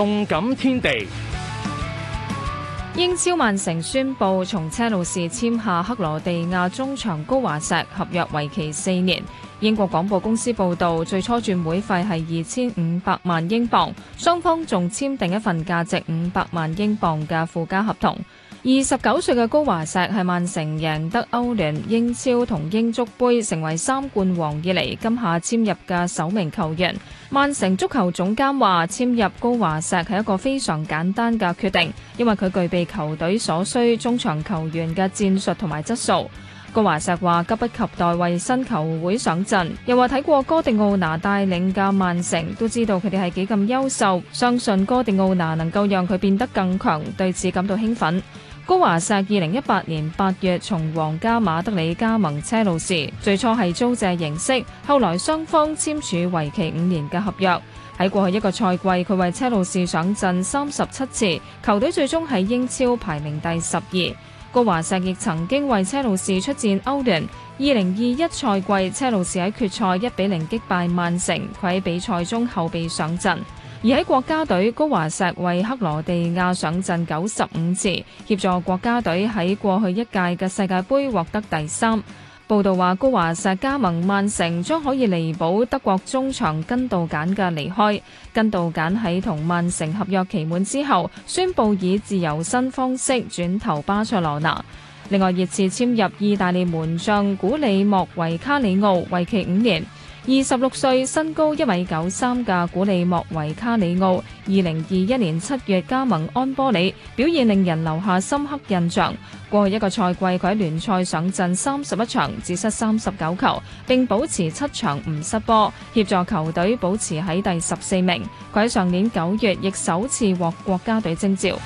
動感天地，英超曼城宣布從車路士簽下克羅地亞中場高華錫，合約為期四年。英國廣播公司報道，最初轉會費係二千五百萬英鎊，雙方仲簽訂一份價值五百萬英鎊嘅附加合同。二十九歲嘅高華錫係曼城贏得歐聯、英超同英足杯，成為三冠王以嚟今夏簽入嘅首名球員。曼城足球總監話：簽入高華錫係一個非常簡單嘅決定，因為佢具備球隊所需中場球員嘅戰術同埋質素。高華錫話：急不及待為新球會上陣，又話睇過哥迪奧拿帶領嘅曼城，都知道佢哋係幾咁優秀，相信哥迪奧拿能夠讓佢變得更強，對此感到興奮。高華錫二零一八年八月從皇家馬德里加盟車路士，最初係租借形式，後來雙方簽署為期五年嘅合約。喺過去一個賽季，佢為車路士上陣三十七次，球隊最終喺英超排名第十二。高華錫亦曾經為車路士出戰歐聯。二零二一賽季，車路士喺決賽一比零擊敗曼城，佢喺比賽中後備上陣。而喺國家隊，高華錫為克羅地亞上陣九十五次，協助國家隊喺過去一屆嘅世界盃獲得第三。報道話，高華錫加盟曼城將可以彌補德國中場根杜簡嘅離開。根杜簡喺同曼城合約期滿之後，宣布以自由身方式轉投巴塞羅那。另外，熱刺簽入意大利門將古里莫維卡里奧，為期五年。二十六歲、身高一米九三嘅古利莫維卡里奧，二零二一年七月加盟安波里，ore, 表現令人留下深刻印象。過去一個賽季，佢喺聯賽上陣三十一場，只失三十九球，並保持七場唔失波，協助球隊保持喺第十四名。佢喺上年九月亦首次獲國家隊徵召。